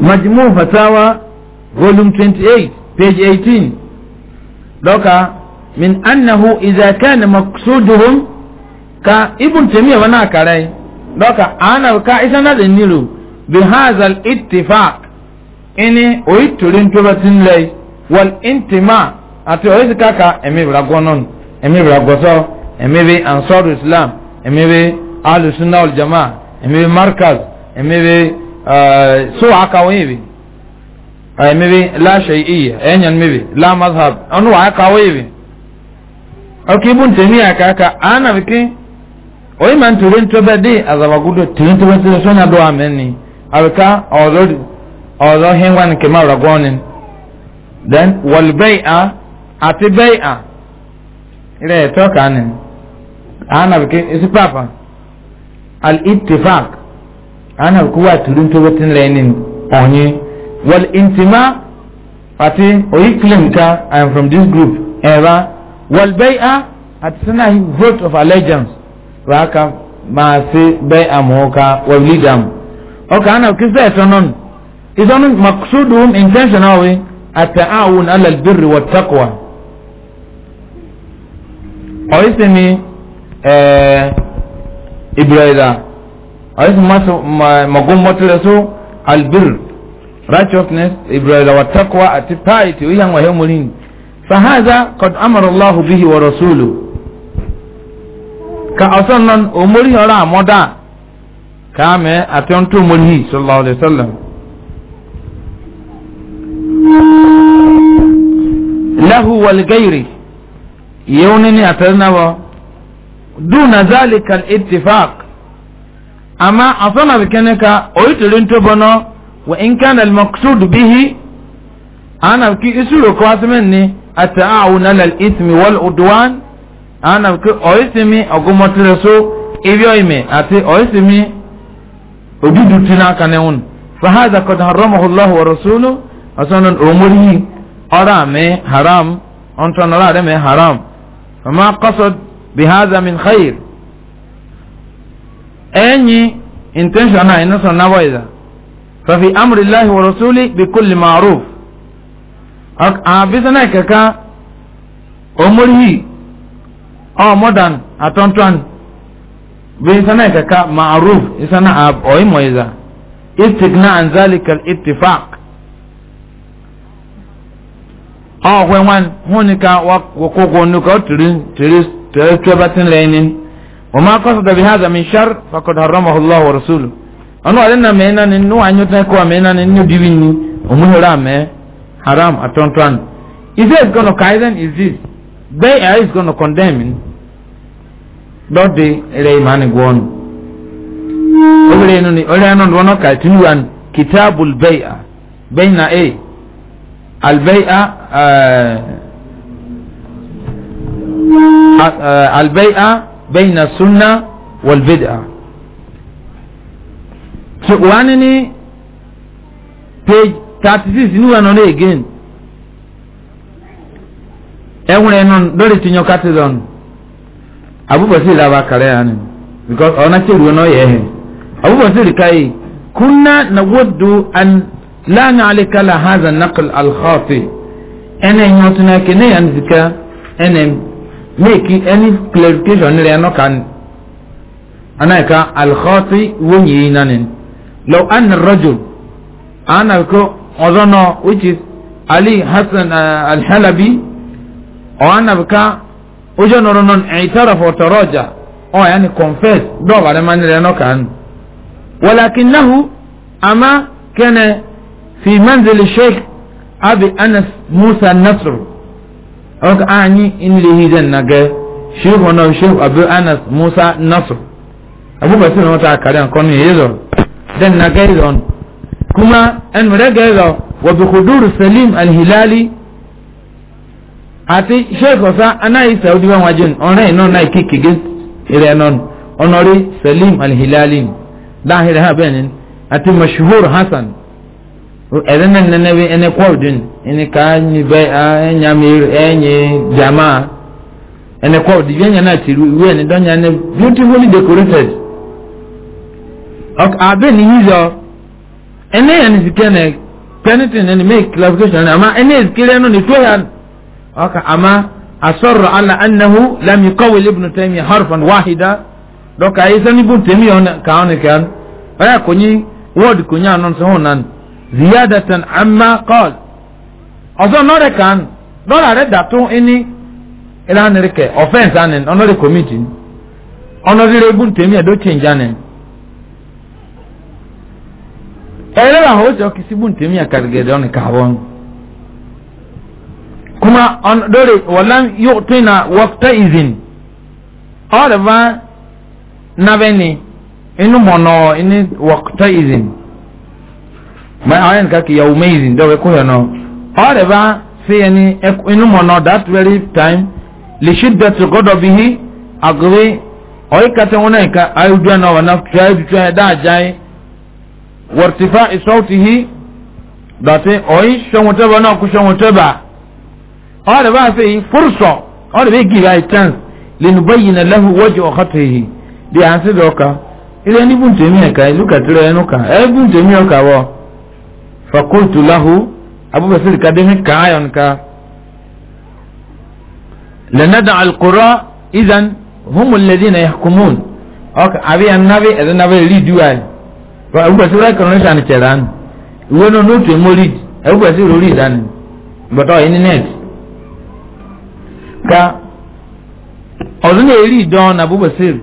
majmu fatawa volume 28 page 18 doka min annahu idza kana maqsuduhum ka ibn tamiya wana karai doka ana ka isana da niru bi hadha al ittifaq ini oiturin tubatin lai wal intima ati oisi kaka emi bragonon emi bragoso emi bi ansar islam emi bi ahlus sunna wal jamaa emi bi markaz emi bi Eh, so aka wewe eh, ay mibi la shay'iyya enyan mibi la mazhab anu aka wewe okay bun temi aka aka ana biki oyi man turin to bedi azaba gudo tin to bedi so na do ameni alka ozo ozo hengwan ke ma ragonin then wal bai'a ati bai'a ile to kanin ana biki isipapa al ittifaq ana kuwa turun tobatin lainin onye wal intima ati oyi claim i am from this group era wal bai'a ati sana vote of allegiance wa ka ma se bai'a mo ka wal lidam o ka ana kisa etonon idan maqsuduhum intentionally at-ta'awun 'ala al-birri wat-taqwa oyi sini eh ibrahima ọ̀yẹ́ sì máa mọ̀gún mọ́tìrẹ so albir righteousness ibrahima wa takwa àti piety ó yàn wà hẹ́ mọ́rin sahaza kọ̀dù amọ̀rọ̀láhù bíhi wọ̀ rọ̀súlù ka ọ̀sán náà òmórí ọ̀rọ̀ àmọ́dá kàmẹ́ àti ọ̀ntú mọ́rin yìí sallallahu alayhi wa sallam. lahu wal gairi yau ne ne a tarnawa duna zalikal ittifaq amma asana bikene ka oyi tirin to bono wa in kana al maqsud bihi ana ki isuro ko asmen ni ata'awun al ismi wal udwan ana ki oyi simi ogumotire so ibyo ime ati oyi simi odudu tina kanewun fa hadha qad haramahu allah wa rasuluhu asana umuri ora me haram onto nara me haram fama qasad bi hadha min khair enyi intentional ina sanna waiza fa fi amri llahi wa bi kulli ma'ruf a bisana kaka omurhi o modan atontwan bisana kaka ma'ruf isana ab o moiza istigna an zalika al ittifaq o hwenwan hunika wa nuka tiri tiri tiri tiri tiri وما قصد بهذا من شر فقد حرمه الله ورسوله أنا أرنا مينا ننو أن يتنكوا مينا ننو ديويني ومهرا مي حرام أتونتوان Is this going to guide Is this? They are is going to condemn him. Don't they? Ele imani guonu. Ole inu ni, ole anu nwono ka tinuwan kitabul bay'a. Bayna A. Al bay'a eh, eh, al bay'a بين السنة والبدعة سؤالني page 36 six ní wọn lórí again ẹwọn ẹnu lórí tìyàn catedon abúbọ̀sí ìlàwà kàrẹ́ àná because ọ̀nà tí ìlú náà yẹ ẹ̀ abúbọ̀sí ìlú káyé kúnná na wọ́dù and lánàá àlekálà hazan nakal alkhọ́ọ̀tì ẹnna ẹ̀yìn ọ̀tún náà kẹ́ ẹ̀yìn ànzìká ẹ̀nà make any clarification rẹ̀ ẹ̀nà kan anáyẹ̀ká alkhọ́tí wọ́nyí yìí nání lọ an rọ́jò ana ko ọ̀zọ́ which is ali hasan al ọ̀hánà ká ojú ọ̀nà náà ẹ̀yìntàrà fọ̀tọ̀rọ̀ ọjà ọ̀ yà ni confess dọ́ọ̀bà rẹ̀ máa ń rẹ̀ ẹ̀nà kan wàlákin náà àmà kẹ́nẹ̀ fi manzili sheikh abi anas musa nasru ọkọ anyị nlehi den na gẹ sheikh ọnọ sheikh abu anas musa nasr abubakar na wata akari nkọ na yezọ den na gẹ yezọ kuma ẹnu rẹ gẹ yezọ wọbi kuduru salim alhilali àti sheikh ọsá anáyí saudi wọn wájú ọrẹ iná náà kíkìgé ìrẹ náà ọnọrí salim alhilali dáhìrì ha bẹ́ẹ̀ ni mashuhur hasan ɛdɛ na nana bi ɛnɛ kɔɔdun ɛnɛ kaa nyi bɛ ɛɛ nyamiri ɛnyi jamaa ɛnɛ kɔɔdun bi ɛnyɛ na wi ɛnɛ dɔnyɛ ɛnɛ beautifully decorated ɔk abe ni yizɔ ɛnɛ yɛ ni sikɛ nɛ penitin ɛnɛ mɛ clarification ɛnɛ ama ɛnɛ yɛ sikɛ ɛnɛ ni tuya ɔk ama asɔrɔ ala anahu lami kɔwil ibnu tɛmi harfan wahida dɔk ayi sani bu tɛmi yɛ kaa ɔni kan ɔyɛ konyi wɔɔdi konyi anɔ nsɛn hɔn nan. ziyadatan amma qal ọzọ nọrẹ kan dọla rẹ dàtú ẹni ìlànìrìkẹ ọfẹnsì ànìn ọnọdẹ kọmíìtì ọnọdẹ egun tèmi ẹdọ change ànìn ẹrẹ wà hóòtù ọkìsí bùn tèmi àkàrìgẹdẹ ọnì kàwọn kuma dọrẹ wọlá yóò na iná wọpútà ìzìn ọrẹ bá inu inú mọ̀nà inú wọpútà ìzìn. ma ayan ka ki yau mai zin dawe ko yana ore ba sai yani inu mono that very time li shiddati ghadabihi agri oy kata wona ka ayudu na wana tribe tribe da jai wartifa sautihi date oy shonwote ba na ku shonwote ba ore ba sai furso ore be give a chance linubayyana lahu wajhu khatihi bi an sidoka ile ni bunte mi ka iluka tire enuka e bunte mi ka wo fakultu lahu abubasir kadihin ka ayon ka lanada alqura idan hum alladhina yahkumun ok abi annabi edan nabi riduwa fa abubasir ka no shan cheran wono no to morid abubasir ori dan but o in net ka ọdún lè rí ìdán abubasir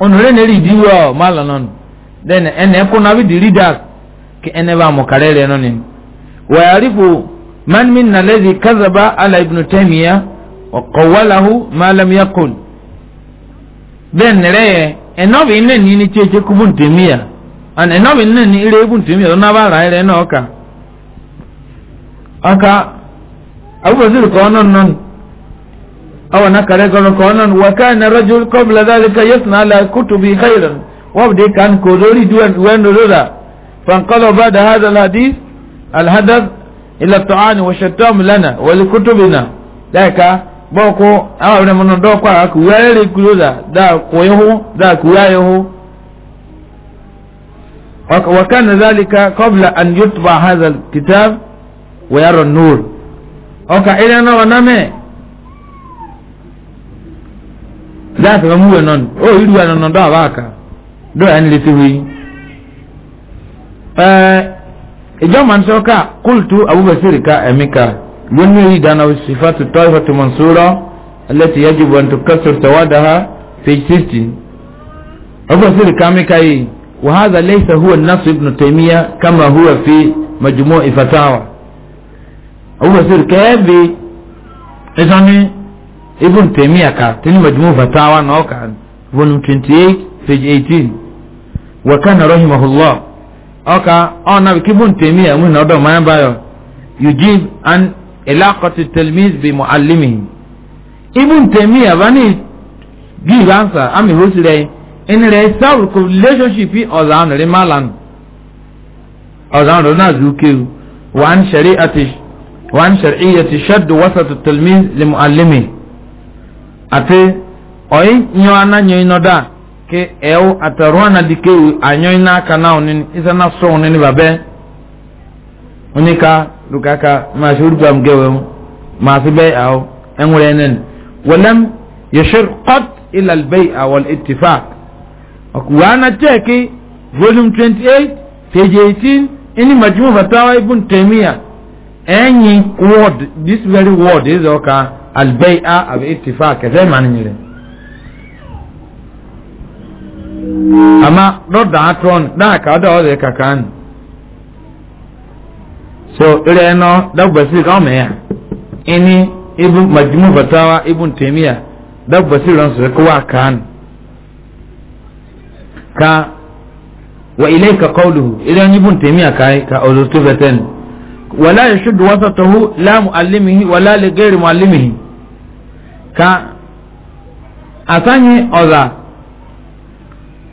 onore lè rí ìdíwọ́ málọ̀nà then ẹnẹ́kùn náà bí di rí dáàkì ke ene ba mu karere no nin wa yarifu man minna alladhi kadhaba ala ibn taymiya wa qawwalahu ma lam yaqul ben re eno bi ne ni ni cheche kubun taymiya an eno bi ne ni ire ibn taymiya na ba ra ire no ka aka abubazir ko non non awa na kare ko ko non wa kana rajul qabla dhalika yasna ala kutubi khairan wa bdi kan ko dori duwan wen dora فانقلب بعد هذا الحديث الهدف إلى الطعان والشتام لنا ولكتبنا ذلك boko awa ne mun do kwa ku yare ku da da koyo da ku yayo wa kana zalika qabla an yutba hadha alkitab wa yara an-nur oka ina na waname da ta mu wenon o iru wenon do abaka do an litiwi ìjọ màá sọ ká kóòtù abúbẹ̀sẹ̀rì ká ẹ̀mí ká lónìí èyí dáná sífàtú tọ́yìfà tó mọ̀ nsúrọ̀ ẹlẹ́tì yẹ́jú bọ̀ ntò kẹsìrì tẹ̀wádà ha page sixteen abúbẹ̀sẹ̀rì ká mi ká yìí wàhálà lẹ́sẹ̀ huwa nasu ibnu tẹ̀míyà kama huwa fi majumọ́ ìfàtàwà abúbẹ̀sẹ̀rì ká ẹ̀ bi ẹ̀sọ́ni ibnu tẹ̀míyà ká tẹ̀lé majumọ́ ìfàtàwà náà ọ̀kà volume twenty eight page eighteen wàkànnà rahimahullah. ọka ọna kibu ntemi ya nwunye ọdọ mmanya bayo yujib an ilakọtụ telmiz bi muallimi ibu ntemi ya bani give answer ami hosire enere isawu ko relationship ọza anụrị malan ọza anụrị na zukewu وعن شريعة وعن شرعية شد وسط التلميذ لمعلمه أتي أي نيوانا نيوينو دا ke ewu ataruwa na dikewu anyoyi n'aka na onin isa na so onin babe onika lukaka masu urgwa mgewe masu bai awo en wuri enen walam yashir qat ila albai a wal ittifaq akuwa na teki volume 28 page 18 ini majmu fatawa ibn taymiya enyi word this very word is oka albai'a al ittifaq zai manin yire ama dɔ daa tɔn daa kaa dɔ ɔdɛ kakan so ire nɔ dagbasi ka ɔmɛ ya ini ibu majumu fatawa ibu ntɛmiya dagbasi rɔn sɛ ko wa kan ka wa ilai ka kɔluhu ire nyi ibu ntɛmiya kai ka ɔzɔstu fɛtɛn wala ya shudu wasatahu la muallimihi wala li gairi muallimihi ka asanye ɔza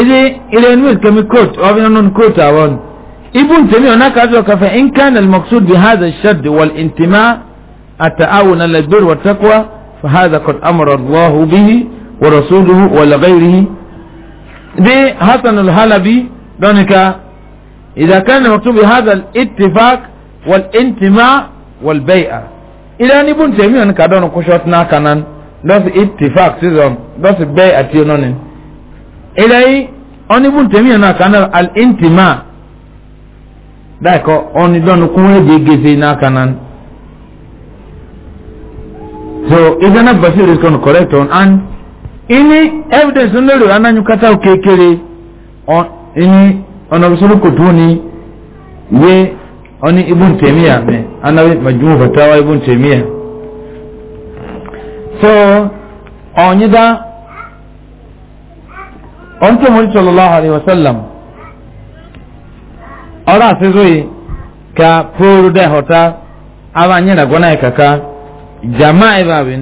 eji ile nwil kemi coat of non coat awon ibn temi ona ka zo ka fa in kana al maqsud bi hadha ash-shadd wal intima at-ta'awun ala al-birr wa taqwa fa hadha qad amara Allah bihi wa rasuluhu wa la ghayrihi de Hasan al-Halabi donika idha kana maktub hadha al-ittifaq wal intima wal bai'a ila ni ibn temi ona ka don ko shot na kanan dos ittifaq sizon ti ononin eléyìí ọ́nìbùn tèmi yẹn náà alintima, al-intima dáìkọ́ ọ́nìdọ́nù kún ẹ̀jẹ̀ gèsè náà kanáà so ìdáná basir is gonna correct on and ini evidence ń lérò anányúkátà kékeré ini ọ̀nà òṣèlú kò tún ní wé ọ́nì ibùn tèmi yà mẹ́ anáwé màjúmọ̀ fatawa ibùn tèmi yà so ọ̀nyídá ọ̀n tó mọ̀rí sọlọ́láhà rẹ̀ wọ́sẹ́lẹ̀m ọ̀rọ̀ àfẹ́sọ́yì ka fóoru dẹ́ họ̀tá ara nyẹ́ nà gbọ́nà ìkàkà jama ìbàbí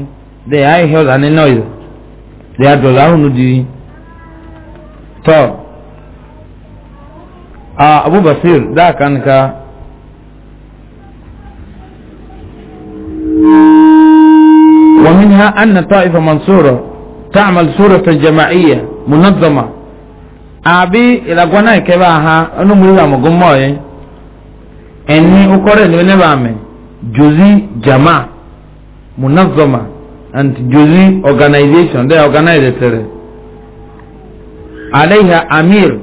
dẹ̀ àìhẹ́ ọ̀dà ní nọ́ọ̀yì dẹ̀ àdọ̀là ọ̀hún di tọ́ abubasir dáàkà nìka. ومنها أن طائفة منصورة تعمل صورة جماعية munazama abi ilagwana ikeba ha onu muri ba mugumo ye eni ukore ni ne bame juzi jama munazama and juzi organization they organize tere alaiha amir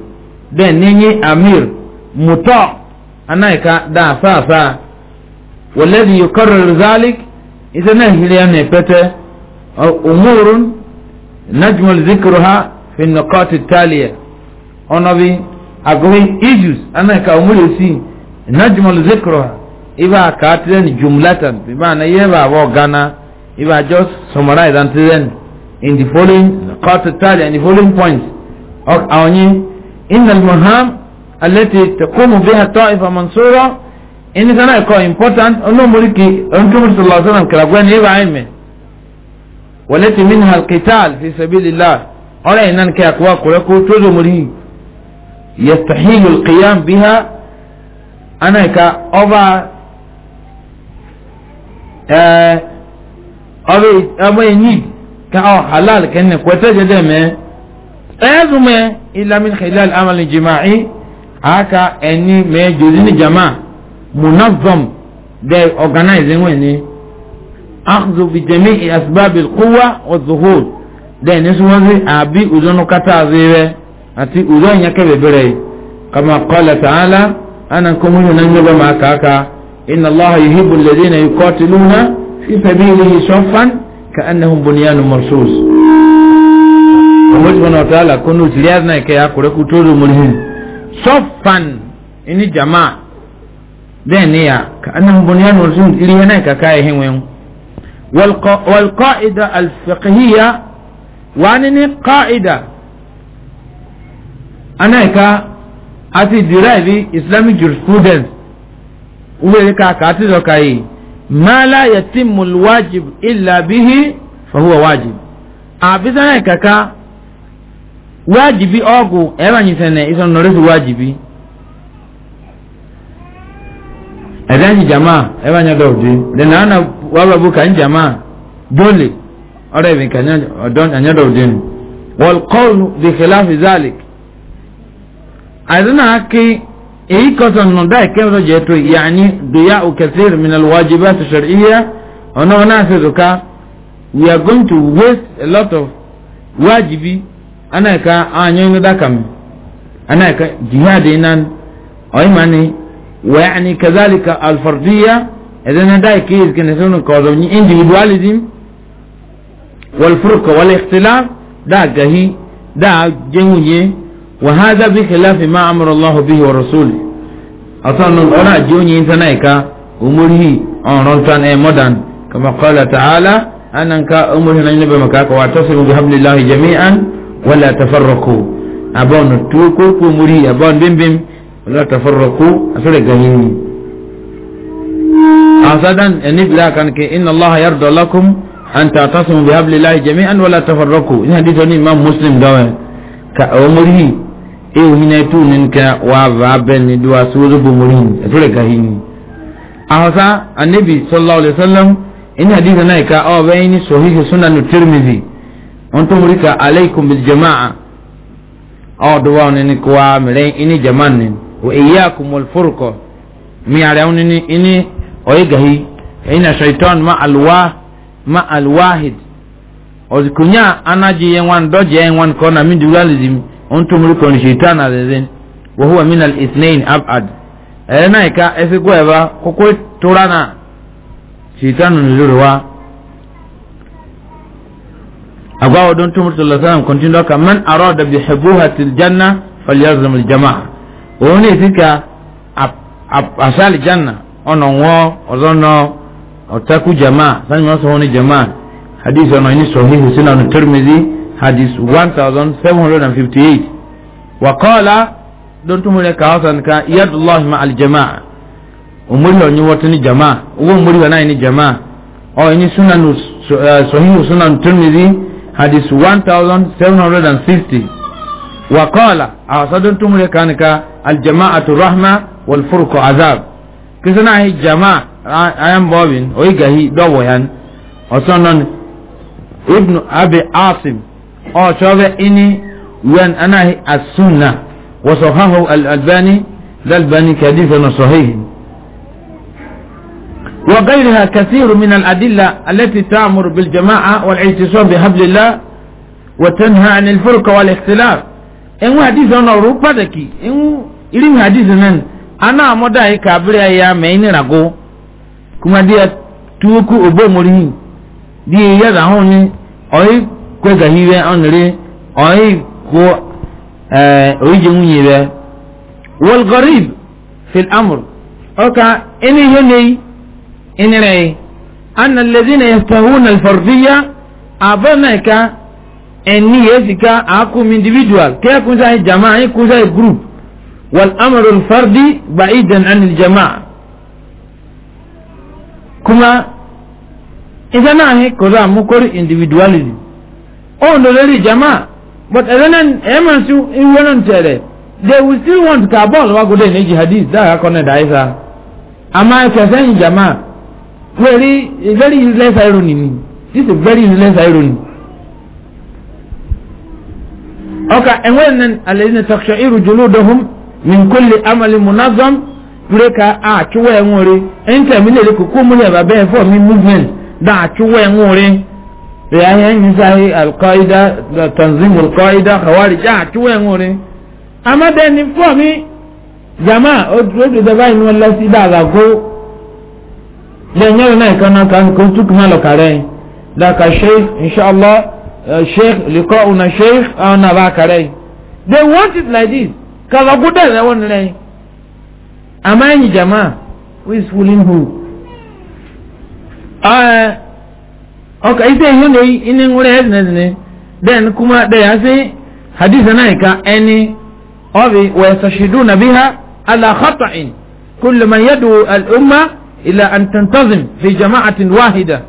de ninyi amir muta anaika da sasa والذي يكرر ذلك إذا نهي لأن pete umurun najmul zikruha fi nọkọtì tálíẹ̀ ọ̀nà bí agomi issues anáka omúlẹ̀ sí ìnájúmọ̀lù zikro ibà kàtìrẹ́ ní jùmùlátàn ibà àná yẹ́ bá wọ́ gánà ibà just summarize and tìrẹ́ in the following nọkọtì tálíẹ̀ in the following points àwọn yìí inal muham alẹ́tì tẹ̀kọ́mù bí atọ́ ìfà mọ̀nsóró ẹni sẹ́nà ẹ̀kọ́ important ọlọ́mọ̀ríkì ọ̀nkẹ́mọ̀tì sọ̀lọ́sọ̀rọ̀ kẹ̀rẹ̀gbẹ́ni ibà ẹ̀mẹ̀ wọlé ti min halkital fi sẹ́bílì láà ọ̀rẹ́ yìí náà kí àkọ́wá kọ̀rẹ́ kó tó zòmù rí yẹtàhílù kìyàm bí ha anáìka ọba ọba ẹni ká ọ halal kẹ́ni kwẹ́tẹ́ jẹ́ dẹ́ mẹ́ ẹ̀ zùmẹ́ ilamin hilal amalin jima'i aka ẹni mẹ́ jòdì ní jama munazam dẹ́ organize wẹ̀ ni akhzu bi jami'i asbabil quwwa wa zuhur. den then nsumanzi abi uzono kata azibe ati uzo nyake bebere kama qala ta'ala ana kumuni nanyoba makaka inna allaha yuhibbu alladhina yuqatiluna fi sabilihi saffan ka'annahum bunyanun marsus Mwenyezi Mungu Taala kunu na ziliazna yake ku kutuzu mulhin saffan ini jamaa den then ya ka'annahum bunyanun marsus ili yana ka hinwe wal qaida والقاعدة الفقهية wani ni ana anaika ati derive islamic jurisprudence wúwèrè ka kàtí lọ́ka yìí ma la yatimmu alwajib illa bihi fa huwa wajib àbísánà ìkàkà wájìbí ọgù ẹ̀rọ̀nyìnsẹ̀nẹ̀ ìsọ̀nàrẹ́sù wájìbí ẹ̀dá ń jama ẹ̀rọ̀nyàdọ̀ na lẹ́nà wàbàbù kà ń jama dole ọ̀rẹ́ mi kàn yẹn dọ̀dọ̀ ni wọ́n kọ́ọ̀nù di kìláàfì zalik àìsàn àkè èyí kọ́sọ̀ nù dá ìkẹ́wọ́n jẹ́ tó yàní dùyà òkèsìrì mi nàlù wájú bá iye ọ̀nà ọ̀nà àṣẹ̀dùká we are going to waste a lot of wájibi anáìka àyàn ah, inú dákà mi anáìka jihad inan ọ̀yìnmá ni wẹ́ẹ̀ ni kazalika alfardiya ẹ̀dẹ́nà dá ìkéyìí kìnnìkan kọ̀ọ̀dọ̀ ní individualism. والفرق والاختلاف دا جهي دا جهوني وهذا بخلاف ما أمر الله به ورسوله أصلا أنا جوني إنسانيكا أمره أن رمتان أي مدن كما قال تعالى أنك أمره نجنب مكاك واعتصموا بحبل الله جميعا ولا تفرقوا أبون توكو أمره أبون بيم بيم ولا تفرقوا أفرق جهيني أصلا النبلا إن الله يرضى لكم an ta'tasimu bi hablillahi jami'an wala tafarraqu in hadithu ni imam muslim dawe ka umrihi e hina tunin ka wa raben ni duwa suzu bu murin atule ka hini ahasa annabi sallallahu alaihi wasallam in hadithu na ka o bayni sahih sunan tirmidhi on to murika alaikum bil jama'a aw oh, duwa ni kwa mire ini jama'an wa iyyakum wal furqa mi ara ni ini oyi gahi ina shaitan ma alwa ma alwahid ozikunya anaji yenwan doje yenwan kona min dualism ontumuri kon shaitan azezen wa huwa min al-ithnain abad ena ika esigweba kokoi turana shaitan nuzurwa agwawo don tumur sallallahu alaihi wasallam continue ka man arada bi hubuhatil janna falyazlam al jamaa oni tika asal janna ono wo ozono ọ̀tákù jama sani ma sọ̀rọ̀ ni jama hadith ọ̀nà ní sọ̀hí hussein ọ̀nà tirimizi hadith one thousand seven hundred and fifty eight wa kọ́ọ̀la don tún múlẹ̀ kàwọ́sán ká iyadulahi ma aljama omori ọ̀nyi wọ́tí ni jama owó omori ọ̀nà ni jama ọ̀nyi sunan eh, sọ̀hí hussein ọ̀nà tirimizi hadith one thousand seven hundred wa kọ́ọ̀la àwọ̀sán don tún múlẹ̀ kàwọ́sán ká aljama àti rahma wal furko azab kìsìnà jama ayan bobin oyi gahi dobo yan osonon ibn abi asim o chobe ini wen ana as-sunna wa sahahu al-albani al-albani kadifan sahih وغيرها كثير من الأدلة التي تأمر بالجماعة والاعتصام بحبل الله وتنهى عن الفرق والاختلاف إن حديث أنا روبا دكي إن إلين حديث نن أنا أمدا هي كابريا يا مين رغو kuma dia tuku obo mori di ya da hon ni oi ko ga hiwe onre oi ko eh oje munye be wal gharib fi al amr oka ini yene ini rei an alladhina yaftahuna al fardiyya abanaka eni yesika akum individual ke kunza jamaa kunza group wal amru al fardi ba'idan an al jamaa kuma ita na ahi kura mukori individualism on do lori jama but erenan emansu iwenan tere they will still want ka ball wa gode ne jihadis da ka kone da isa ama efesen jama very very useless irony ni this is very useless irony oka enwenan alladhina takshairu juludahum min kulli amali munazzam Breaker, a chuwa enwe ore mi lele kuku mu leba be for mi movement da chuwa enwe ore be ahe ni sai al qaida da tanzim al qaida khawarij a chuwa enwe ore ama de mi jama o dro de da bai no la si da la go le nyawo na kan kan ko tuk ma lo kare da ka sheikh inshallah eh, sheikh liqauna sheikh ana ba kare they want it like this kala gudan they want like amanyi jamaa who is fooling who uh, okay ise hiyo ne ine ngure hedne ne then kuma da ya sai hadisa na ka any obi wa yastashhiduna biha ala khata'in kullu man yad'u al umma ila an tantazim fi jama'atin wahida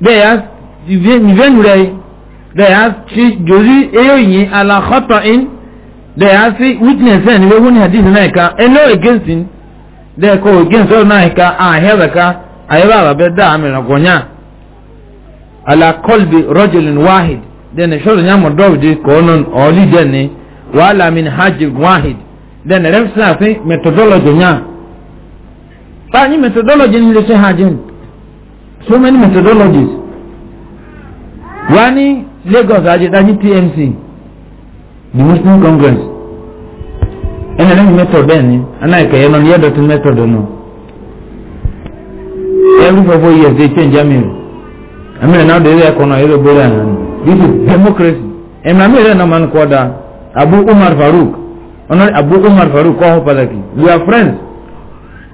da ya ni venure da ya ci jozi eyo yin ala khata'in they are see witness and wọ́n wọ́n ní hadith náà ẹ̀ka ẹ̀ lọ́ against him they call against ọ̀rọ̀ náà ẹ̀ka àhẹ́rẹ̀ ah, ká àyẹ̀wò àbàbẹ̀ dá àmì ìrànkọ̀nyà alakọ́lbi rọ́jòlin wahid then ṣọ́ọ̀rọ̀ nyà mọ̀dọ́wìdì kọ́ọ̀nù ọ̀ọ́lì dẹ́ni wàhálà min hajj wahid then rẹ́fṣin àti methodology nyà báyìí methodology ni lè ṣe hajj so many methodologies wani lagos ajedaji PMC, the muslim congress Ena lengi mẹ́tọ̀ bẹ́ẹ̀ ni anáìkẹ́ ẹ̀ náà yẹ́dọ̀ tún mẹ́tọ̀ dọ̀nà every four four years they change amir amir náà dèrè ẹ̀kọ́ náà ẹ̀rọ gbọ́dọ̀ àná this is democracy ẹ̀mí amir ẹ̀ náà máa ń da abu umar Faruk. ọ̀nà abu umar Faruk kọ́ ọ́ pàtàkì we are friends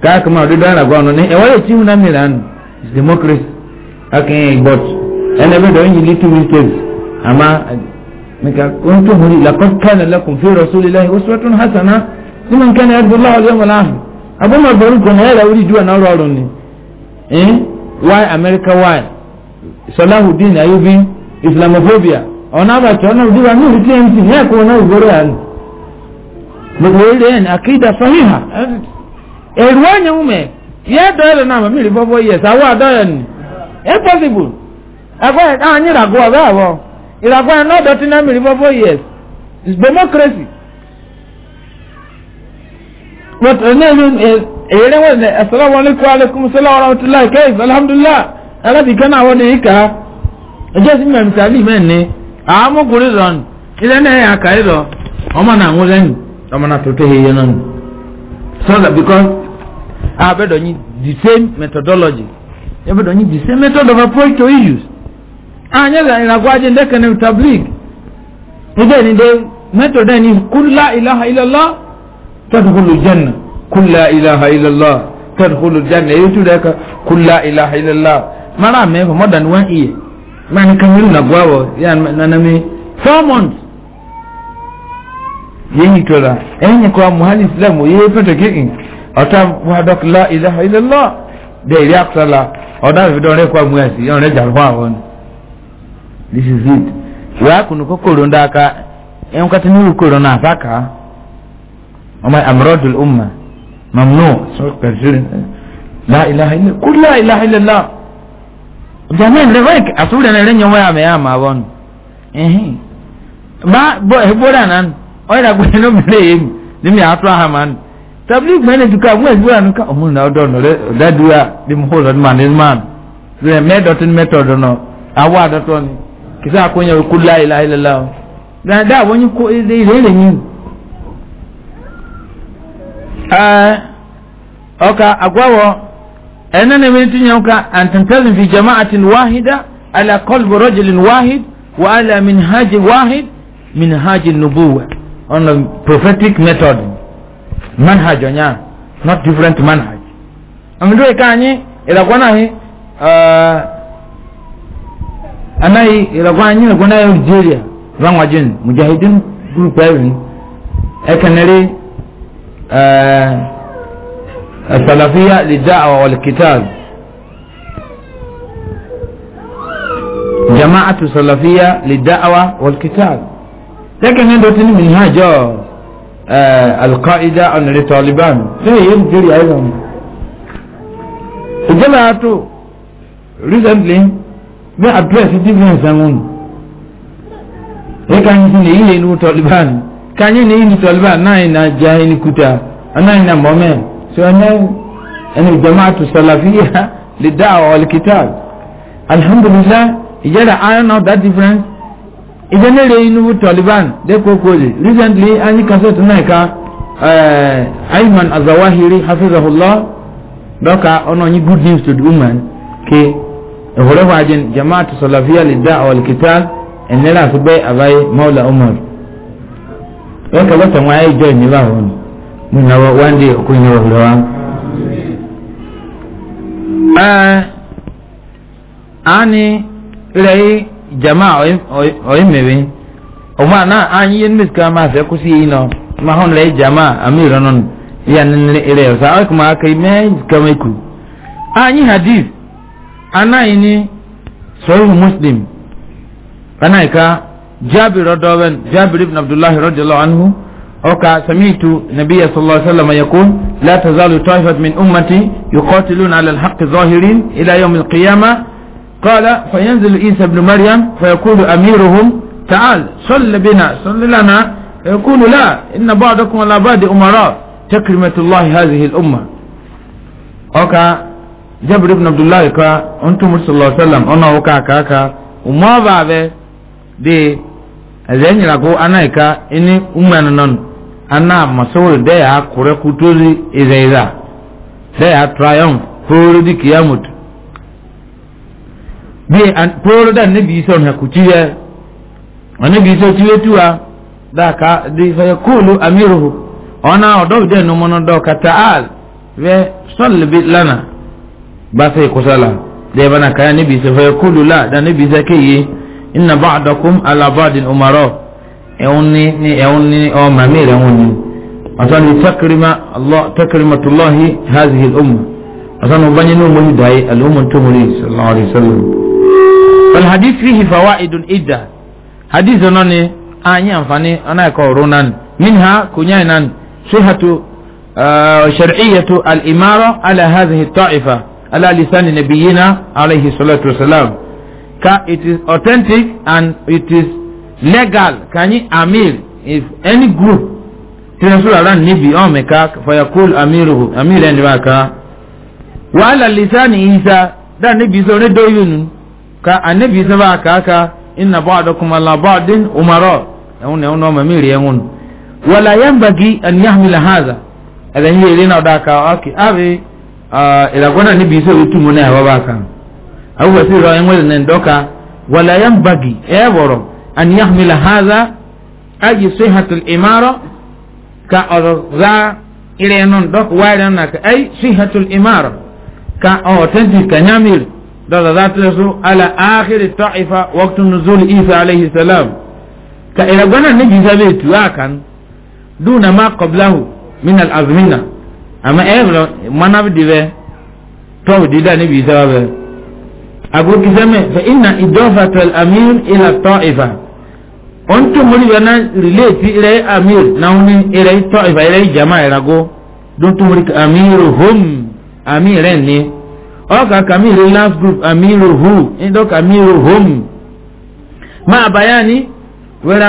káàkiri máa dúdú àrà gbọ́n Ewa ẹ̀wọ́n yóò tún amir àná it's democracy akẹ́yìn but ẹ̀nà ẹ̀bẹ̀ Ama. nke a huri laqad kana lakum fi na uri juwa na ro ni eh why america why salahuddin ayubi islamophobia ona ba tona diwa ni tmc ne ko na ugoro an ìràgbọ́n ẹ̀ náà dọ̀tí náà for four years it's democracy. but name is ẹ̀yẹ́rẹ́ wọ́n ẹ̀ asalaamu alaykum alaykum salaam wa rahmatulah kẹ́hìn alhamdulilah alábi kan náà wọ́n yìí ká ẹjọ́ sí mẹ́rin tàbí mẹ́rin ni àmúkùnrin rọ̀ ilẹ̀ náà yà kàí rọ̀ ọmọ náà ń lẹ́yìn ọmọ na tó tẹ̀yẹ yẹn náà so that because abẹ́dọ̀ yìí the same methodology abẹ́dọ̀ the same method of approach to issues. anya ah, za ina gwaje da kana tabligh idan ni dai meto da ni kul la ilaha illallah tadkhulul janna kul la ilaha illallah tadkhulul janna yutu da ka kul la ilaha illallah mara me ko modan wan iye man kan yiru na gwawo ya na me four months yehi tola enyi kwa muhali islamu yehi peto kiin ọta wadok la ilaha illallah de iri akusala ọdọ àfihàn rẹ kọ mu ẹsì this is it wakunu kokoro ndaka en kati ni kokoro na afaka amma amradul umma mamnu sokazir la ilaha illa kul la ilaha illa allah jameen rewek asura na renyo wa me ama bon eh ba bo hebora eh, nan oira gweno mere yim ni mi atwa ha man tabligh mene duka mu ezbora nuka omun na odon re dadua di muhol man is man re me dotin method no awa dotin kìsà àkóyàn òkú láìláà ìlàlá o dáadáa wọ́n yín kó ilé ìrèlè yín. ọkà àgbáwọ̀ ẹ̀nà ni wọ́n ti yàn ká àtàntàlin fi jama'atin wáhidá ala qalbi rajulin wáhid wa ala minhaj wáhid minhaj nubuwa on a prophetic method manhaj ọ̀nyá not different manhaj. àmì dúró ìka anyi ìlàgbọ́n náà yìí anayi iragwa anyi iragwa na algeria ranwa jin mujahidin group erin ekanere السلفية للدعوة والكتاب جماعة السلفية للدعوة والكتاب لكن هذا من هاجة القاعدة للطالبان لا يجري أيضا الجماعة recently bẹ́ẹ̀ address difference àwọn ni ẹ ká yín sí ní ilé inú taliban ká yín ní inú taliban náà iná jẹ́ ẹni kúta náà iná mọ́mẹ́ sọ ẹni ẹni jamaatu salafiya lè dá àwọn alikitab alhamdulillah ìjẹ́ra i know that difference ìjẹ́nẹ́rẹ́ inú taliban dẹ́kọ̀ọ́kọ́ lè recently anyi kassette náà ká eh, ayman azawahiri hafizahullah dọ́ka ọ̀nà yín good news to the woman ke. Okay ehore hwajin jama'atu salafiya lidda wal kitab enera su bai abai maula umar en ka bata ma yayi join ni ba won mun na wande ku ni wa hulawa eh ani rei jama'a o imewe o ma na anyi yin miska ma fe ku si ino ma hon rei jama'a amiro non yan ne rei sa kuma kai me kamai ku hadith ana ini sahih muslim kana ika jabir radawan jabir ibn abdullah radhiyallahu anhu oka samitu nabiy sallallahu alaihi wasallam yakun la tazalu ta'ifat min ummati yuqatiluna ala alhaq zahirin ila yawm alqiyamah qala fayanzil isa ibn maryam fayaqulu amiruhum تعال صل بنا صل لنا يقول لا إن بعضكم على بعض أمراء تكرمة الله هذه الأمة أوكا jabir ibn abdullahi ka on tumur sallallahu alaihi wasallam ona wo kaka ka umma ba be de azen yira go anaika ini umma non ana masawul de ya kure kutozi izaiza de ya triumph horo di kiyamut bi an horo da nabi son ha kuciya anabi so tiwe tuwa da ka di fa yakulu amiruhu ona odo de no mono do ka ta'al ve salli lana basai kusala dai bana kaya ni bisa fa yakulu la da ni bisa ke yi inna ba'dakum ala ba'din umara eunni ni eunni o mamire eunni asan takrima allah takrimatullah hadhihi al imara ala hadhihi ta'ifa ala lisan nabiyina alayhi salatu wasalam ka it is authentic and it is legal kanyi amir if any group tinasul aran nibi omeka fayakul amiruhu amir ẹni wa ka wa ala lisan isa da nibi so ne doyun ka anabi so ba ka ka inna ba'dakum ala ba'din umara ehun ehun no mamiri ehun wala yanbaghi an yahmila hadha adan yelina da ka okay abi Ah, ìràgbọ́nà níbi iṣẹ́ òtún mu náà wọ́n bá kan awúfẹ́ sí ìrọ̀ ẹ̀wọ̀n ìrìnà ìdọ́ka wàlá yẹn bàgì ẹ̀ wọ̀rọ̀ àníyàn mi là hàzà ayé sí hàtìl ìmárọ̀ ka ọ̀rọ̀ zá ìrẹ̀ nù dọ́k wáyé nà ka ayé sí hàtìl ìmárọ̀ ka ọ̀tẹ́ntì kanyamir dọ́dọ̀ zá tilẹ̀ so àlà áhìrì tọ́ìfà wọ́kùtù nùzúlì ìfẹ́ aleyhi sàlám ka ìràgbọ́nà níbi iṣẹ́ òtún wá kan dùnà má kọ̀bláhù ama ɛyɛbrɛ mana bi di bɛ tɔn di da ni bi sɛbɛ bɛ agolo kisɛ mɛ fɛ ina idɔfa tɛl amir ila tɔ'ifa on tun mori bɛ na relate ira amir na wani ira tɔ'ifa ira jama ira go don tun mori amir hum amir ne ɔka kamir last group amir hu idɔ kamir hum ma bayani wɛrɛ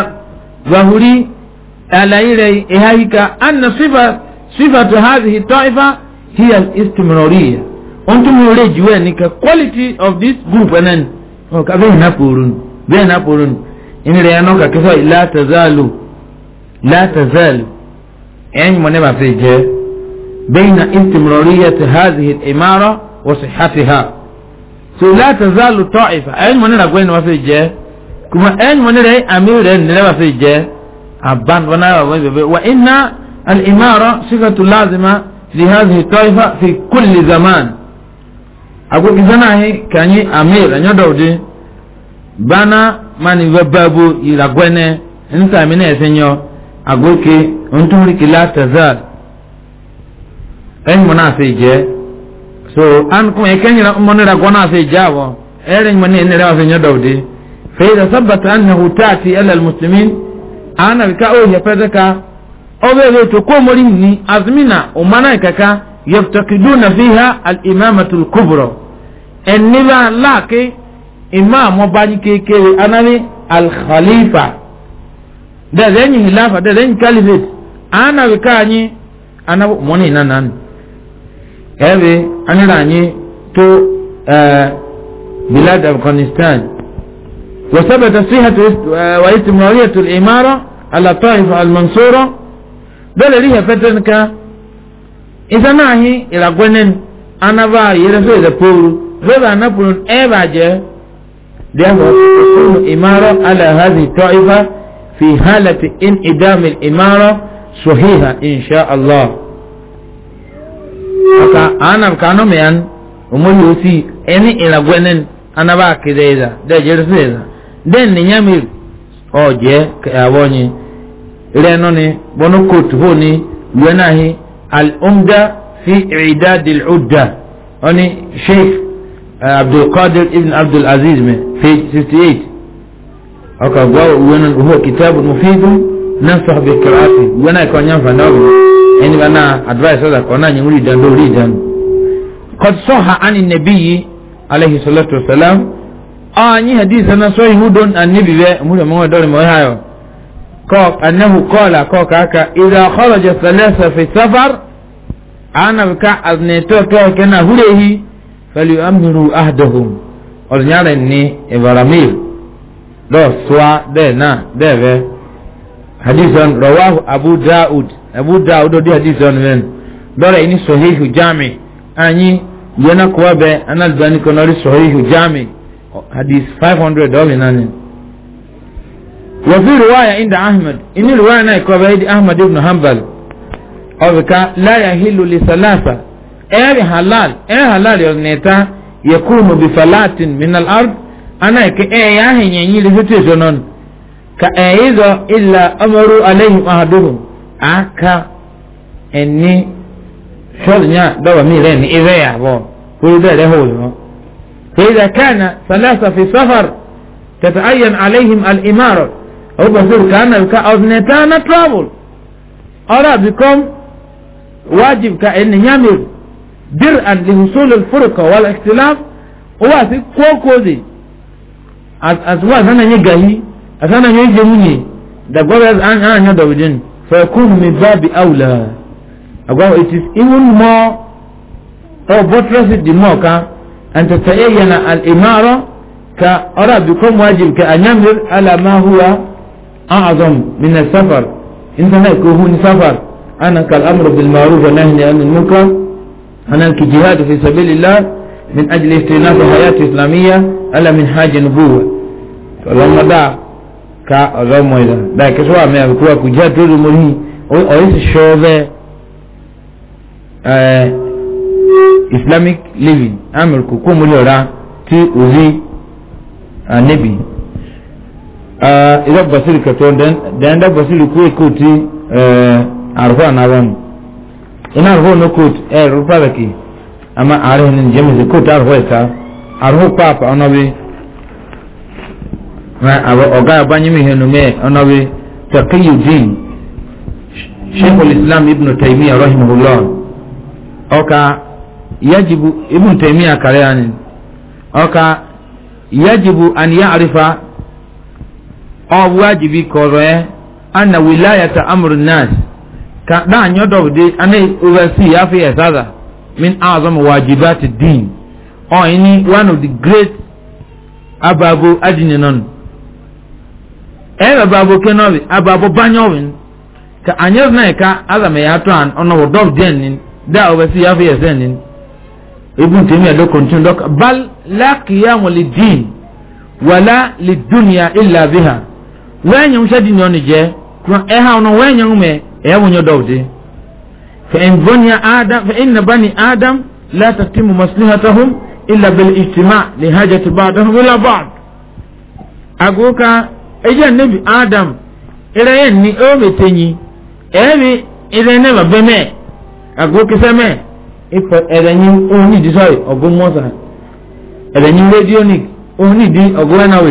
wahuri alayi rɛ ihayika an sifa sifatu hadhihi taifa hiya al-istimrariya on tun yore quality of this group anan o ka bai na purun bai na purun in re ano ka kifa la tazalu la tazalu en mo ne ba fe je بين استمرارية هذه الإمارة وصحتها so لا تزال طائفة أين من رأي ما في جه كما أين من رأي أمير أين ما في جه أبان ونا وإن الإمارة صفة لازمة لهذه الطائفة في كل زمان أقول إذا ناهي كاني أمير أن يدودي بنا من إلى يلقوني أنت من أسنيو أقول كي أنتم لك لا تزال أين مناسي جي so an kuma ikan yi mun da gona sai jawo erin mun ne rawa sun yadaudi fa idza sabata annahu ta'ti ala almuslimin ana ka o ya fadaka obere to ko mori ni azmina umana kaka yaftakiduna fiha al-imamatu al-kubra enniba lake imam obani kekere anani al-khalifa da zenyi hilafa da zenyi caliphate ana wika anyi ana moni nanan ebe anira anyi to بلاد أفغانستان وثبت صحة واستمرارية الإمارة على الطائفة المنصورة dole rihe fetren ka isa na ahi iragwenen anaba yere so ire poru beba anapurun eba je therefore takunu imara ala hadhi ta'ifa fi halati in idamil imara sahiha insha Allah aka anab kanu meyan umuri osi eni iragwenen anaba kideza de jere so ira den ni nyamir oje ke abonyi rẹ́nu ni bọ́nú kóòtù hó ni lọ́nàhí al-umda fi ìdádì al-udda wọ́n ni sheikh eh, abdulkadir ibn abdulaziz mi page sixty eight ọkọ̀ gbọ́ wọn hó kitabu mufidu náà sọ̀rọ̀ bí kìláàsì wọn náà kọ́ nyàǹfà náà wọ̀ ẹni bá náà advice ọ̀dà kọ́ náà nyẹ̀ wúri ìdánù lórí ìdánù. قد صح عن النبي عليه الصلاة والسلام آني حديثنا صحيح دون النبي مولى مولى دور مولى كوك أنه قال كوك أكا إذا خرج الثلاثة في السفر أنا بكا أذنيتو كنا أنا هليه فليؤمنوا أهدهم أرنيانا إني إبراميل دو سوا دي نا دي بي حديث رواه أبو داود أبو داود دي حديث من دولة إني صحيح جامع أني ينا كوابي أنا الباني كنوري صحيح جامع حديث 500 دولة نانين وفي رواية عند أحمد إن الرواية نايكوا بعيد أحمد بن حنبل أوكا لا يهل لثلاثة أي إيه حلال أي حلال يغنيتا يكون بصلاة من الأرض أنا كأي يهن يني لفتشنون كأي إذا إلا أمروا عليهم أهدهم أكا أني شرنا دوا ميرين إذا يعبون وإذا لهو فإذا كان ثلاثة في سفر تتعين عليهم الإمارة Oh, but still, can I of netana travel? Or become wajib ka in yamir dir'an li husul al furqa wal ikhtilaf huwa si kokozi as as wa sana nye gahi asana nye jemunye da gobe an an nyo dawidin fa yakunu min babi aula agwa it is even more or buttress the more ka an tatayyana al imara ka ara bikum wajib ka an yamir ala ma huwa أعظم من السفر إن هناك هون سفر أنا كالأمر بالمعروف والنهي عن المنكر أنا كجهاد في سبيل الله من أجل استئناف الحياة الإسلامية ألا من منهاج نبوة فلما دع كا ọ̀rọ̀ ọmọ ìlà báyìí kí sọ́wọ́ كجهاد تولي ọkù jẹ́ tó lómo ní ọ̀yẹ́sì ṣọ́ọ́bẹ́ islamic living amẹ́ríkù kó mo Uh, ila basiri kato den da basiri kuwe koti uh, arfa na wan ina arfa no kot eh rufa da ke amma a ne jemi ze kot arfa ta arfa papa onobi ma abo oga abanyi mi henu me onobi taqiyuddin shaykh al-islam ibn taymiyyah rahimahullah oka yajibu ibn taymiyyah kare oka yajibu an ya'rifa ọbụ wajibi kọrọ ya eh? ana wilayata amr nas ka da anyo dọbde ana oversee ya fi yasada min azam wajibat din ọ ini one of the great ababo adininon ebe ababo kenobi ababo banyowin ka anyo na ka azam ya ato an ono dọbde nin da oversee ya fi yasenin ibn taymiya do continue dok bal la qiyam lid din wala lid dunia illa biha wẹ́ẹ̀nyẹ̀ ńṣẹ́ di nìyọ́n nìjẹ́ ẹ̀ha ọ̀nà wẹ́ẹ̀nyẹ̀ ńmẹ̀ ẹ̀yẹ́ wọ̀nyẹ́ dọ̀wọ́dẹ́ fẹ̀yìnbọ́nìyà adam fẹ̀yìnbọ́nì adam láti tí mu maslahatahum ilà bẹ̀lẹ̀ ìtìmá lè hajj ti bá adam wíwá bá a. agoka ẹ̀yẹ́ níbi adam ẹ̀rẹ́ ni o ó bẹ̀ tẹ̀yìn na ẹ̀rẹ́ nẹ́bà bẹ́mẹ̀ agoka sẹ́mẹ̀ ẹ̀rẹ́yìn òun ní ìdí sọ́ọ̀ ọ̀gbọ́n mọ́sà ẹ̀rẹ́yìn rédíò ní òun ní ìdí ọ̀gbọ́n náà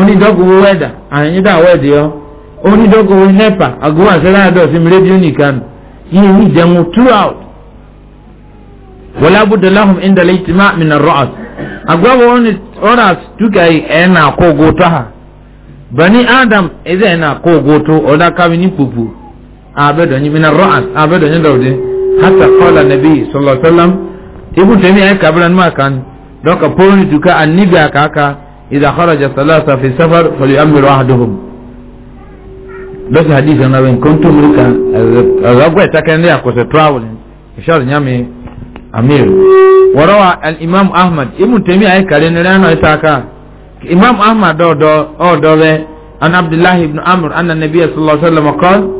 onídọ́gbowó wẹ́dà àyíndà wẹ́dì ọ́ onídọ́gbowó hẹ́pà àgọ́wà sẹ́láàdọ̀ sí rédíò nìkan yìí ní ìjẹun throughout wọlé abúdó lahum ìndàlẹ́ ìtìmá mìíràn rọ́ọ̀t àgbàwọ̀ ọ̀rọ̀t túkà yìí ẹ̀ nà kó ogo tó ha bani adam ẹ̀dẹ̀ ẹ̀ nà kó ogo tó ọ̀dà káwé ní pùpù àbẹ̀dọ̀ ní mìíràn rọ́ọ̀t àbẹ̀dọ̀ ní dọ̀dẹ́ hàtà kọ́lá nàbí sọlọ́sọ́lám ibùsùn mi ẹ̀ kàbílẹ̀ ní màkàn dọ́kà pọ́nrì túkà إذا خرج الثلاثة في سفر فليؤمر أحدهم بس حديث أنا وإن كنت ملكا الربع تكن لي أكوس تراولين إشار نعمي أمير وروى الإمام أحمد ابن تيمية أي كارين لأنه إتاكا إمام أحمد دو دو أو دو أن عبد الله بن عمرو أن النبي صلى الله عليه وسلم قال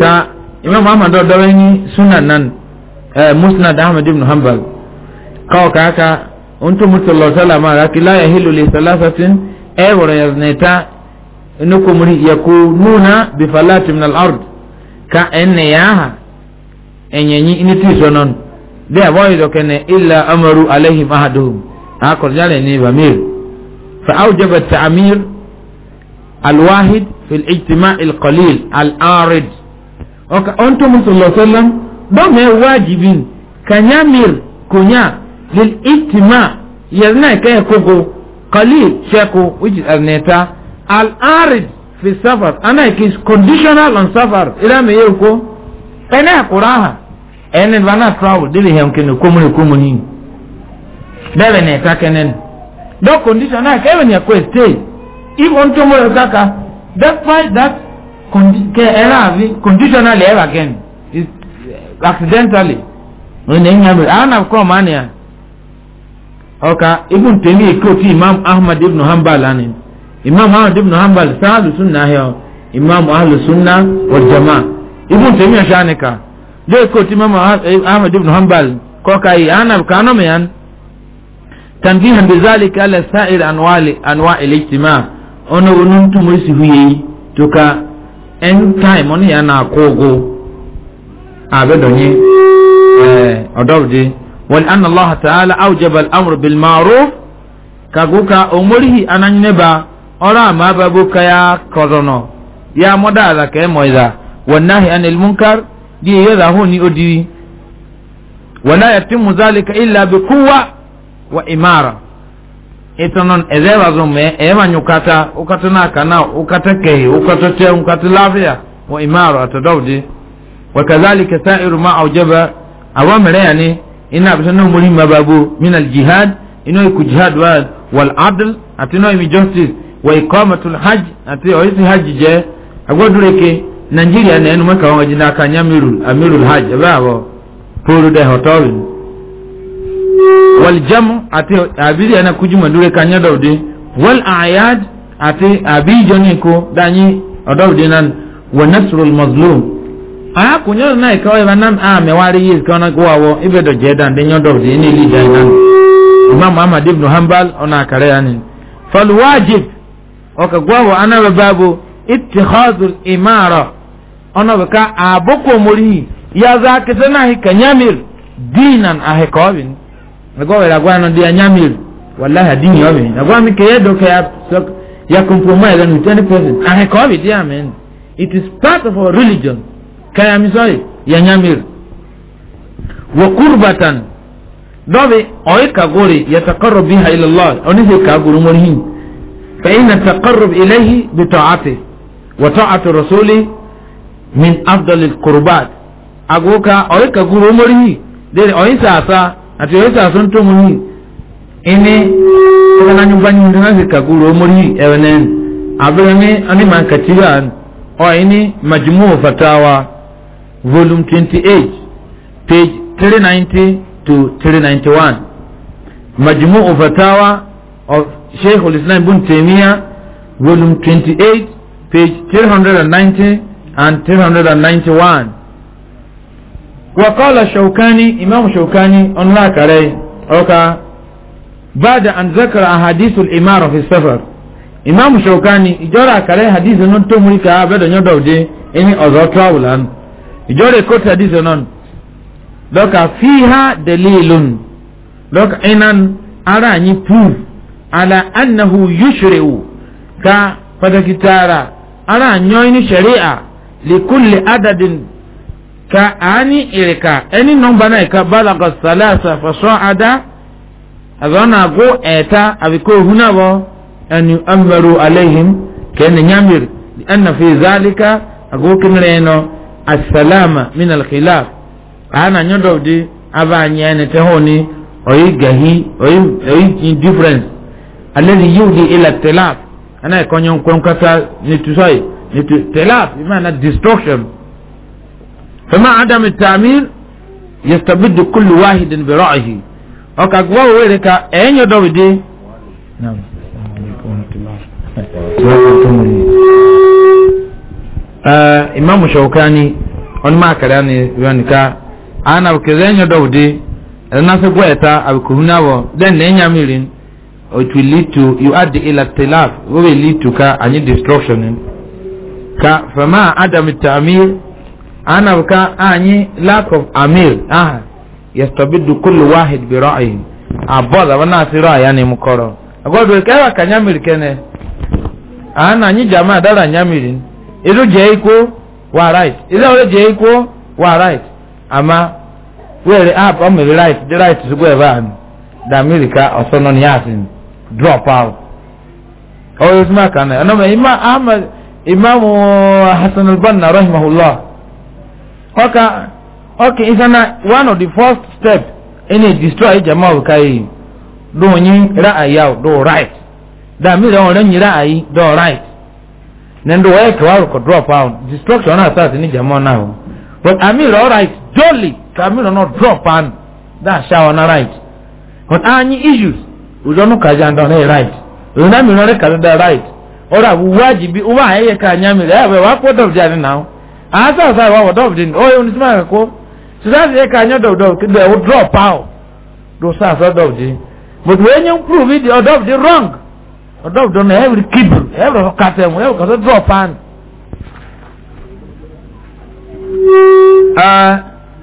كا إمام أحمد دو دو سنة نان مسند أحمد بن حنبل قال كاكا unto musallallahu sallama raki la yahillu li salasatin awra yaznita nukum yakununa bi falatin min al-ard ka enne yaha enyenyi initi sonon de avoid okene illa amaru alaihim ahaduhum akor jale ni bamir fa awjaba ta'mir الواحد في الاجتماع القليل الآرد أنتم صلى الله عليه وسلم دم واجبين كنيامير كنيا lil itima yazna kai kogo qalil sheko which is arneta al arid fi conditional on safar ila me yoko ene kuraha ene bana travel dili hem kene komuni komuni bebe ne takenen do condition na kai ne ko stay if on to mo kaka that fight that condi ke conditional ever again is accidentally when they have ana ko mania ọka ibn tèmi ìkó tí imam ahmad ibn hanbal ani imam ahmad ibn hanbal sáàlù sunna ahẹ́ imam ahlu sunna wa jama ibn tèmi ọ̀ṣà nìka dé ìkó imam ahmad ibn hanbal kọ́ka yìí anab kánọ́ mi yan tanbihan bi zalika ala sa'ir anwali anwa al-ijtima ono wonun tumo si huye tuka en time oni yana kogo abedonye eh odobdi ولأن الله تعالى أوجب الأمر بالمعروف كغوكا أمره أن نبا أرى ما بابوكا يا كورونو يا مدى لك مويدا والنهي عن المنكر دي يذهوني أدي ولا يتم ذلك إلا بقوة وإمارة إتنون إذا zume ema nyukata ukata naka na ukata kehi ukata te ukata lafiya wa imara atadawdi wa kadhalika sa'iru ina abisa no muri mababu min al jihad ino ku jihad wa wal adl atino mi justice wa iqamatul hajj ati oisi hajj je agodureke Nigeria na enu maka wanga jina kanya mirul amirul hajj babo puru de hotel wal jam ati abiri ana kujuma dure kanya dawde wal ayad ati abijoni ko danyi odawde nan wa nasrul mazlum aya kunyo na ikaw eba nam a ah, mewari yiz kona kuwawo ibe do jeda ndi nyodo di ini li jainan imam ahmad ibn hanbal ona kare yani fal wajib oka kuwawo ana babu ittikhadul imara ona baka aboko muri ya za kisana hikanyamir dinan ahekawin nagowera gwano ndi anyamir wallahi dini Na gwa keyedo ke ya ya compromise on 20% ahekawin amen it is part of our religion kaya misoi yanyamir wa qurbatan dobe oy kagori yataqarrab biha ila Allah oni se kaguru morhin fa inna taqarrub ilayhi bi ta'ati wa ta'ati rasuli min afdal al qurbat agoka oy kaguru morhi de oy sasa ati oy sasa nto morhi ini kana nyumba nyumba se kaguru morhi ewenen abirani ani man katiba o ini fatawa volume 28 page 390 to 391 majmu'u fatawa of Sheikh al-Islam ibn Taymiyyah volume 28 page 390 and 391 وقال الشوكاني إمام شوكاني أن لا كري أوكا بعد أن ذكر أحاديث الإمارة في السفر إمام شوكاني إجارة كري حديث نتو ملكا بدأ نيو دودي إني أزوتوا ولان ìjọ́rẹ̀ kóòtù àdìsọ náà lọ́kà fíhá dẹ̀lílùn lọ́kà inan ara yín proof ala annahu yushrewu ka pàtàkì tààrà ara yán ní sẹ̀ríà lèkúlè adadin ka àání ìrìkà ẹni nọmba náà ìka balaga salasa fasọ́ ada àzọ́nà àgó ẹ̀ta àbíkó ìhúnàbọ̀ ẹni amẹ́rù aláìhìn kẹ́ni nyàmìr ẹnna fi zálíkà àgó kìnìrẹ́ náà asalama min alkhilaf ana nyodo di aba nyene te honi oyi gahi oyi oyi difference alladhi yudi ila tilaf ana konyon konkata ni tusai ni tilaf imana destruction فما عدم التأمين يستبد كل واحد برأيه أكاكوا ويركا أين يدوي دي نعم Uh, imamu shaukani wani makara ne ranika ana abokazan ya daudi na fi gwayata abukuhuna wa dan na enya mirin it will lead to you add the ilatilaf what will lead to ka anyi destruction ka fama adam ta'amir ana ka anyi lack of amir aha yastabidu kullu wahid bi ra'yin aboda wana fi ra'ya ne mukoro agwado kai wa kanyamir kene ana anyi jama'a dara nyamirin ezo jẹ iko wa right ezo awore jẹ iko wa right ama were app ọmọdé right the right sugbo ẹ báyìí damirika ọsọnà ni yaasin drop out ọyọ sima kan náà ẹnọ mẹ ima ahmed imaamu hasan albanna rahimahullah ọkà ọkà isana one of the first step ẹni destroy jama ọkà yìí dùn yín ra àyà dùn right damirika ọ̀rẹ́ yín ra àyí dùn right nendo wae kiwaro ko drop out destruction na start ni jamo now but amir all right jolly amir no drop and that shower na right but any issues uzono kaja ndo na right una mi no right ora wajibi uwa yeye ka nyami eh, ya we wako dof jani now asa sa wa dof din oyo unisema ko sasa yeye ka nyodo dof they will drop out do sa sa dof din but when you the dof wrong ọdọ dọ na every kibru every kata mu every kata drop pan.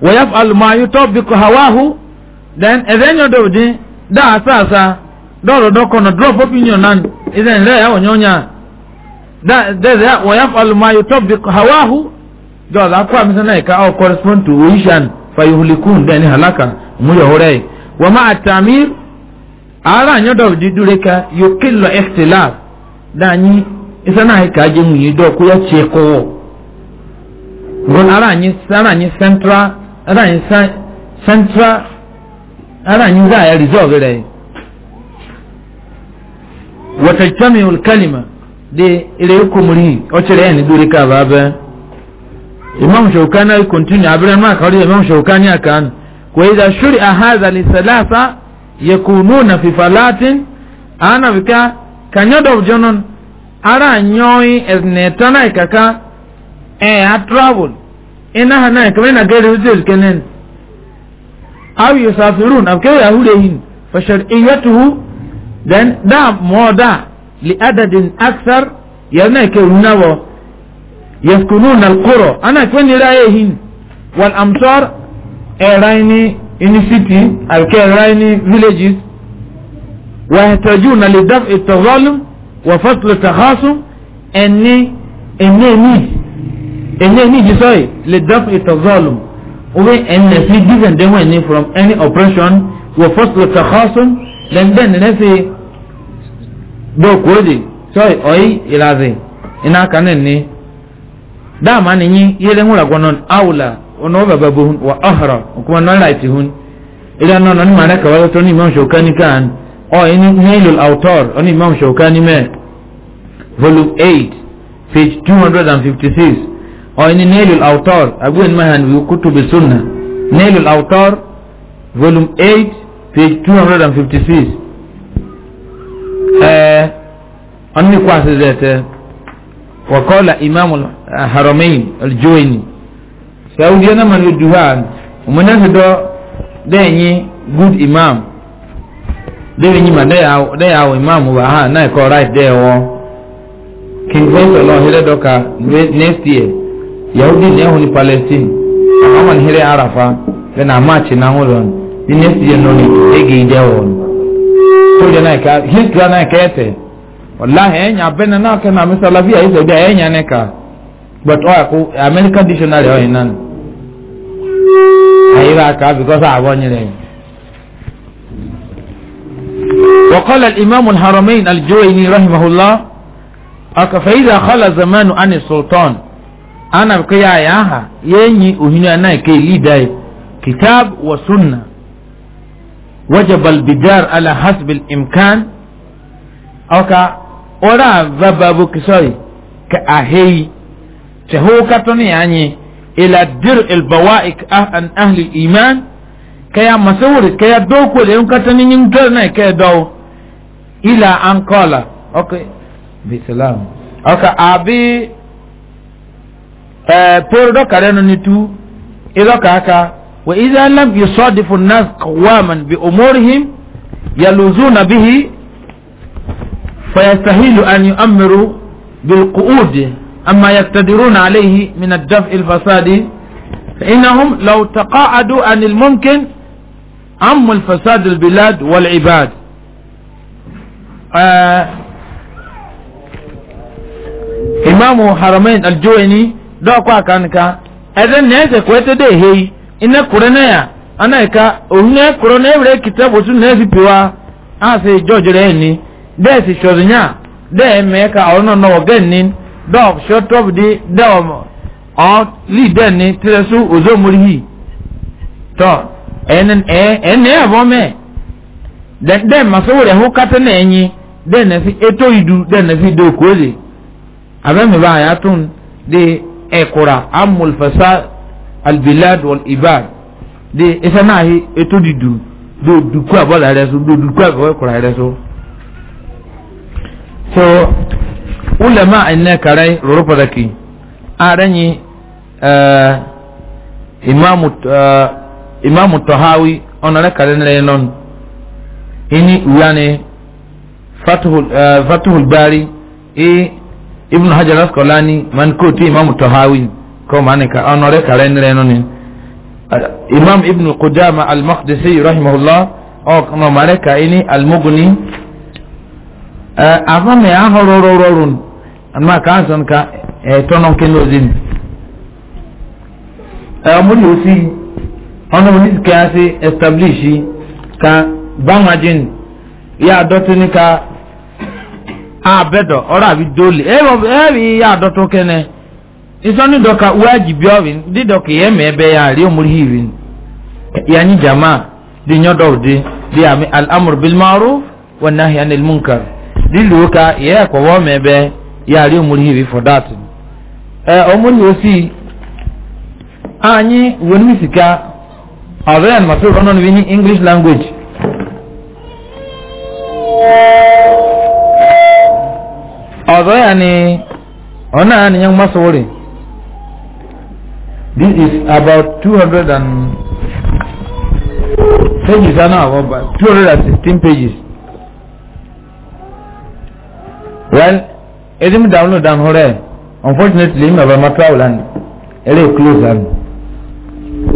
wọ́yá alùmọ̀ayú tó bìkọ̀ hawaahu then ẹ̀rẹ́ ẹ̀yọ́ dọ̀ dín dá àṣàṣà dọ̀rọ̀ dọ̀kọ̀ na drop opinion náà ẹ̀rẹ́ ẹ̀rẹ́ ẹ̀wọ̀ nyọ́nyà dẹ́rẹ́ wọ́yá alùmọ̀ayú tó bìkọ̀ hawaahu dọ̀rọ̀ akọ àmísẹ́ náà ẹ̀ka ọ̀ correspond to oishan fayihulukun dẹ́ni halaka múyọ̀ hórẹ́ wọ́n máa tàmír ara anyo dɔ didure ka yoke lɔ ɛxtilaf da anyi isana ayi ka agye nwunye dɔ ko yɛ tie kɔɔ ngon ara anyi ara anyi central ara anyi central ara anyi za ayɛ resolve rɛ wɔtɛkyɛmi olkalima de ere komori ɔkyerɛ yɛn didure ka ba bɛ imam shawkani continue abirɛ maa ka ɔde imam shawkani akan ko idha shuri ahaza lisalasa yakununa fi falatin ana bika kanyodo jonon ara nyoi eznetana ikaka e a travel ina hana kamar na gari wuzil kenen aw yusafirun abkai yahudayin fa shar'iyyatuhu dan da moda li adadin akthar yana ke runawo yaskununa alqura ana kwani rayihin wal amsar e rayni in the city and can run in villages ويحتاجون لدفع التظالم وفصل التخاصم أني أني نيد أني نيد sorry لدفع التظالم وين أن في different them when from any oppression وفصل التخاصم لأن ده نفي دو كودي sorry أي إلى ذي إنها كان ني دعما نيني يلمو لغنون أولى ono baba buhun wa ahra kuma non light hun ila non non mana ka wala to ni imam shawkani kan o ini nailul autor on imam ni me volume 8 page 256 o ini nailul autor agwen mahan wi kutub sunna nilul autor volume 8 page 256 eh onni kwasi zete wa وقال إمام الحرمين الجويني saudi na man duhan umana do de nyi good imam de nyi ma de ya imam wa ha na ko right there wo king went along hele do ka next year yahudi ne ho ni palestine ama man hele arafa de na march na ho don ni next year no ni ege ide wo so de na ka hit na ka ete wallahi enya bena na ka na misalafi ayi so enya ne ka but o oh, ko american dictionary o oh, inan ayi b'a ka because a bɔ nyere yi. وقال الإمام الحرمين الجويني رحمه الله أك فإذا خلى زمان عن السلطان أنا بقي ياها يني أهنا أنا كي ليداي كتاب وسنة وجب البدار على حسب الإمكان أوكا أورا بابو كسوي كأهي تهو كتوني يعني إلى درء البوائك أه- عن أهل الإيمان كيا مسور كيا دوكو لأن كتني ينكرنا كيا دو إلى أن قال أوكي بسلام أوكي أبي أه بردو كارينو نتو إذا كاكا وإذا لم يصادف الناس قواما بأمورهم يلوزون به فيستحيل أن يؤمروا بالقعود أما يقتدرون عليه من الدفع الفسادي فإنهم لو تقاعدوا عن الممكن أم الفساد البلاد والعباد آه إمام حرمين الجويني دوكوا كانك أذن نيزة كويتة دي هي إن كورنيا أنا إكا أهنا كورنيا بلي كتاب وسو نيزي بيوا آسي جوجريني دي سي شوزنيا دي ميكا أولنا نوغنين dɔw shɔtɔb di ma ɔ li dɛn ni tɛrɛsu ozo murihi tɔ ɛn ɛn ɛn ɛyɛ bɔ mɛ dɛn dɛn masawul ɛho kata na ɛnyi dɛn na fi eto idu dɛn na fi do kooli abɛ mi ba a yà tún de ɛkura amul fasa albilad wal ibad de ɛsɛ naa yi eto di du do duku abɔla yɛrɛ so do duku abɔla yɛrɛ so so ulama ina karai rurufa da ki a ranyi eh, eh, imamu tahawi onare karin renon ini uya ne fatuhul eh, bari e ibn hajar askolani man koti imamu tahawi ko mane ka onare karin renon imam ibn qudama al-maqdisi rahimahullah o kuma mare ka ini al-mughni afame ahororororun ama ka san ka e tonon kilo zin e mo yo si ono ni ka se establish ka banga jin ya dotu ni ka a bedo ora bi dole e mo e bi ya dotu kene isoni doka wajibi ovin di doka ye me be ya ri omuri hirin ya ni jamaa di nyodo di di ami al amr wa nahy anil munkar di luka ye ko wo me be yàrá omori heavy for that ẹ e, omori osi anyi wonimi sika ọrẹ ẹni masu ọ̀nà níbi ní english language. ọ̀dọ́ yà ni ọ̀nà àníyàn masọ̀wọ́rẹ̀ this is about two hundred and pages I know about two hundred and sixteen pages well èdè mi download am hore unfortunately mi ọba ma travel and eré close am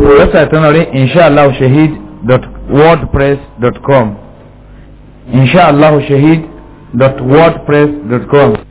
website náà rí inshallah shahid dot wordpress dot